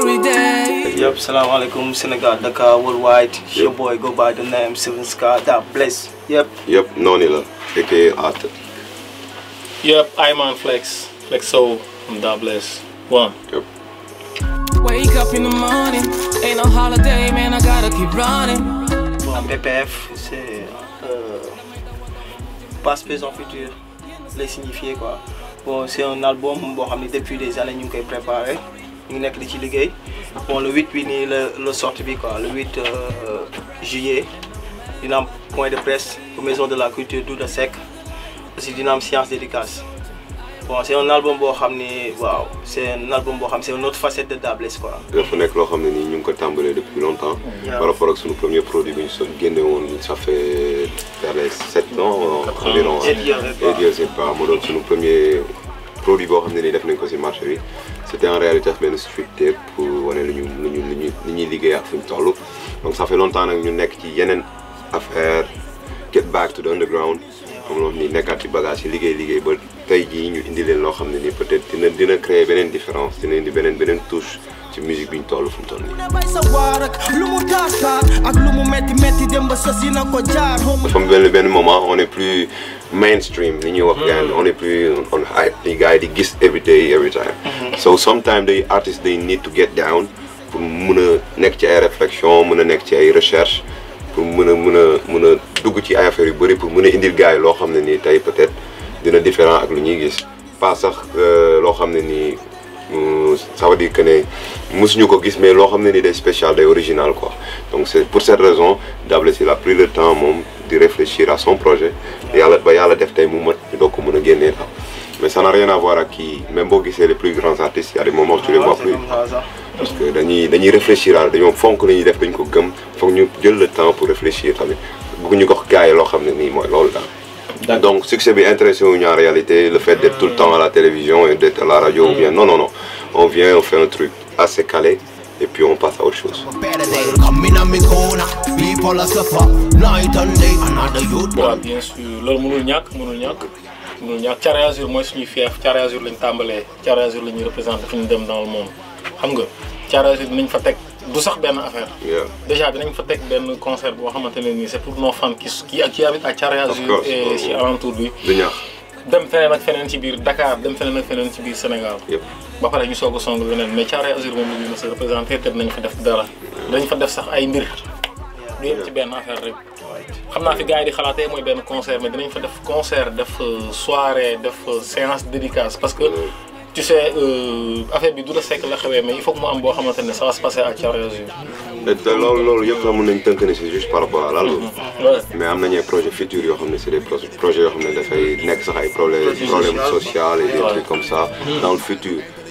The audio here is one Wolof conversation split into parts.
salary day. Yep, salam alaikum, Senegal, Dakar, worldwide. Yep. Your boy go by the name Seven Scar, that bless. Yep. Yep, Nonila, aka Arthur. Yep, I'm on Flex, Flexo from that bless. One. Yep. Wake up in the morning, ain't no holiday, man, I gotta keep running. Bon, BPF, c'est euh, passé en futur, les signifier quoi. Bon, c'est un album bon, depuis des années nous préparé. ñu nekk di ci liggéey bon le 8 bi nii la la sortie bi quoi le 8 euh, juillet dina am point de presse au maison de la culture Douda sec aussi dina am science dédicace bon c' est un album boo xam ni waaw c' est un album boo xam C'est c' est une autre facette de Dablessed quoi. dafa nekk loo xam ne nii ñu ngi ko tàmbalee depuis longtemps. par rapport ak suñu premier produit bi ñu soog génne woon ça fait vers les sept ans. environ et Dieu sait pas mu doon suñu premier produit boo xam ne nii def nañ ko si marché bi. c'était en réalité benn street pour wane lu ñu lu ñu lu ñu li ñuy liggéey ak fi ñu toll donc ça fait longtemps nag ñu nekk ci yeneen affaire get back to the underground xam loolu ni nekkaat ci bagage yi liggéey liggéey ba tey jii ñu indi leen loo xam ne nii peut-être dina dina créer beneen différence dina indi beneen beneen touche ci musique bi ñu toll fu mu toll nii. dafa am benn benn moment on est plus mainstream li ñu wax gars on est plus on di gis so sometimes the artists they need to get down pour mun nek ci ay réflexion mun nek ci ay recherche pour mun a mun a dugg ci ay affaires yu bëri pour mun a indil gars yi loo xam ne nii peut-être dina différent ak lu ñuy gis pas sax euh, loo xam ne nii ça veut dire que né mosuñu ko gis mais lo xamné ni des spécial des original quoi donc c'est pour cette raison Dable Sylla a pris le temps mom di réfléchir à son projet yàlla ba yàlla def tay mu mat ñu ko mun a mais ça n'a rien à voir avec qui, même si c'est les plus grands artistes il y a des moments où tu ne les vois plus parce que dañuy dañuy réfléchir à dañoo fonk la def dañ ko le temps pour réfléchir tamit bëgg ñu gox gars yi donc succès bi intéressé en réalité le fait d'être tout le temps à la télévision et d'être à la radio ou bien non non non on vient on fait un truc assez calé et puis on passe à autre chose. bien sûr nous ñaax Thiaroye Azur mooy suñuy fief Thiaroye Azur lañ tàmbalee Thiaroye Azur la représenté fu ñu dem dans le monde xam nga Thiaroye Azur dinañ fa teg du sax benn affaire. déjà nañ fa teg benn concert boo xamante ne nii c'est pour nos fans qui qui qui habitent à Thiaroye Azur et ci alentour bi. dem feneen ak ci biir Dakar dem feneen ak feneen ci ñu soog a song leneen mais Thiaroye Azur moom la ñu mës a représenté te dinañ fa def dara. dinañ fa def sax ay mbir. du yem ci benn affaire rek. xam fi gaay di xalaatee moy ben concert mais dinañ fa def concert def euh, soirée def euh, séance dédicace parce que. tu sais euh, affaire bi du la la xewé mais il faut que mo am bo xamante ça va se passer à Thiaroye et te loolu loolu yëpp la mën nañ tënk c'est juste par rapport à l'album mm-hmm. Mm-hmm. mais am nañu projet projets futurs xamné c'est des projets yo xamné da fay nek sax ay problèmes problèmes sociaux et des trucs comme ça mm-hmm. dans le futur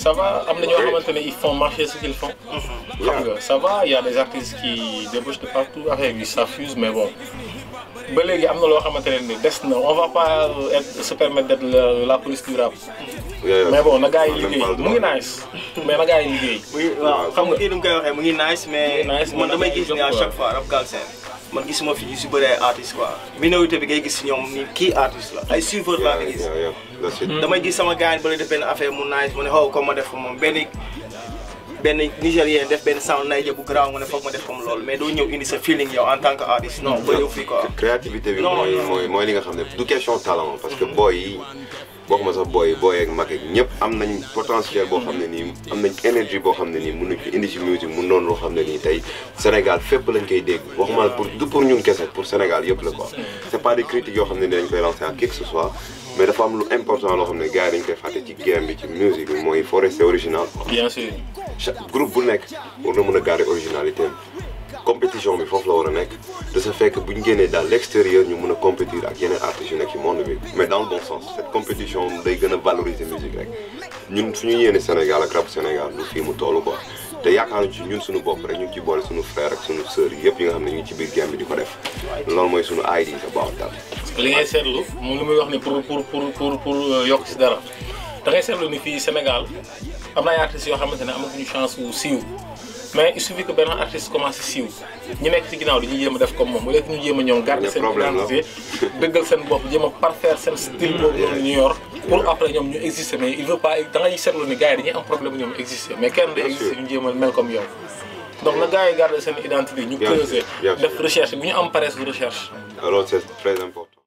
ça va ils font marcher ce qu'ils font. Mm-hmm. ça va il y a des artistes qui débouchent de partout ils s'affusent, mais bon. On ne va pas se permettre d'être la police du rap. mais bon na gars il est nice. mais na gars yi waaw xam nice mais. man à chaque fois rap je man artiste quoi. minorité bi ni artiste la damay gis sama gars yi bële def benn affaire mu naaj mu ne xaw ko ma def moom benn benn def benn sound naija bu garaaw nga ne foog ma def comme loolu mais doo ñëw indi sa feeling yow en tant que artiste non ba ñëw fii quoi. créativité bi mooy mooy li nga xam ne du question talent parce que boy waxuma sax booy booy ak mag ñëpp am nañ potentiel boo xam ne nii am nañ énergie boo xam ne nii mën nañ ko indi ci musique mu noonu loo xam ne nii tey Sénégal fépp lañ koy dégg waxuma pour du pour ñun kese pour Sénégal yëpp la quoi c'est pas des critiques yoo xam ne ni dañ koy lancer à que ce soit mais dafa am lu important loo xam ne gars yi dañ koy fàtte ci game bi ci musique bi mooy forester original quoi chaque groupe bu nekk war na mën a garder originalité compétition bi foofu la war a nekk de ce fait bu ñu génnee dans l' extérieur ñu mën a compétir ak yeneen artistes yu nekk ci monde bi mais dans le bon sens cette compétition day gën a valoriser musique rek te yaakaaruñ ci ñun ñu ngi ci boole ñu ngi ci biir bi di ko def loolu mooy suñu ID about that li muy wax ni pour pour pour pour euh, yokk si dara da ngay seetlu ni fii Sénégal am na ay artistes yoo xamante ne amaguñu chance wu siiw mais il suffit que artiste il nek ci ginaaw dañuy yema def comme ñu yema garder identité style pour après ñu exister mais il veut pas ni dañuy problème exister mais comme donc gars garder identité ñu def recherche bu recherche alors c'est très important